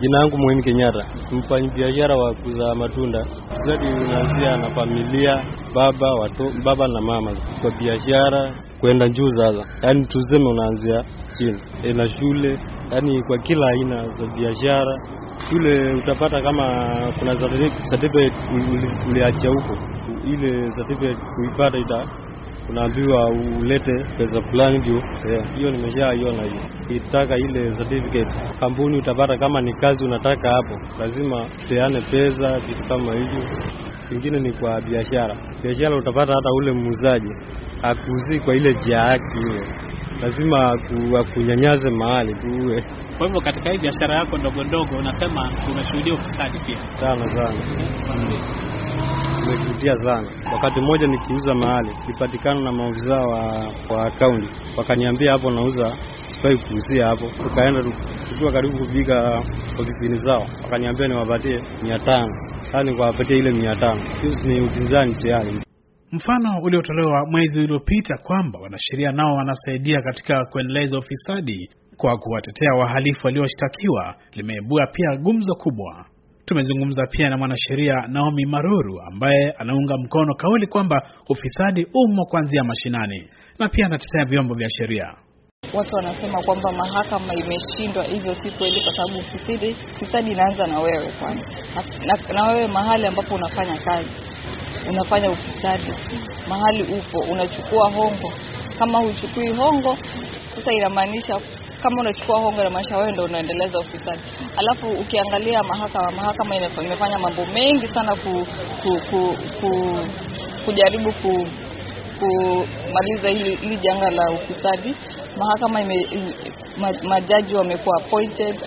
Jina langu Muhimu Kenyatta, biashara wa kuuza matunda. Sisi unaanzia na familia, baba watu, baba na mama kwa biashara kwenda juu. Sasa yaani tuseme unaanzia chini e, na shule, yaani kwa kila aina za biashara. Shule utapata kama kuna certificate uliacha huko, ile certificate kuipata ita unaambiwa ulete pesa fulani ndio hiyo. nimeshaiona hiyo. itaka ile certificate kampuni utapata, kama ni kazi unataka hapo lazima teane pesa, vitu kama hivyo. Kingine ni kwa biashara. Biashara utapata hata ule muuzaji akuuzii kwa ile jia yake hiyo lazima akunyanyaze mahali tuwe. Kwa hivyo katika hii biashara yako ndogo ndogo, unasema umeshuhudia ufisadi pia sana sana umevutia sana. Wakati mmoja nikiuza mahali, nipatikana na maofisa wa wa akaunti, wakaniambia hapo nauza, sifai kuuzia hapo. Tukaenda tukiwa karibu kufika ofisini zao, wakaniambia niwapatie mia tano, yaani kuwapatia ile mia tano. Ni upinzani tayari. Mfano uliotolewa mwezi uliopita kwamba wanasheria nao wanasaidia katika kuendeleza ufisadi kwa kuwatetea wahalifu walioshtakiwa limeibua pia gumzo kubwa. Tumezungumza pia na mwanasheria Naomi Maruru ambaye anaunga mkono kauli kwamba ufisadi umo kuanzia mashinani na pia anatetea vyombo vya sheria. Watu wanasema kwamba mahakama imeshindwa, hivyo si kweli, kwa sababu ufisadi ufisadi inaanza na wewe kwanza na, na, na wewe mahali ambapo unafanya kazi unafanya ufisadi, mahali upo unachukua hongo. Kama huchukui hongo, sasa inamaanisha kama unachukua hongo na maisha, wewe ndio unaendeleza ufisadi. Alafu ukiangalia mahakama, mahakama imefanya mambo mengi sana ku, ku, ku, ku kujaribu ku, kumaliza hili, hili janga la ufisadi. Mahakama ime, ma, majaji wamekuwa appointed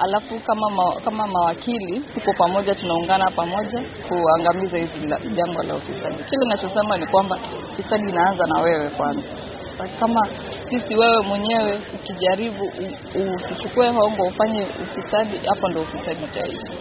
alafu kama ma, kama mawakili tuko pamoja, tunaungana pamoja kuangamiza hizi jambo la ufisadi. Kile ninachosema ni kwamba ufisadi inaanza na wewe kwanza. Kama sisi wewe mwenyewe ukijaribu usichukue hongo ufanye ufisadi, hapo ndo ufisadi utaisha.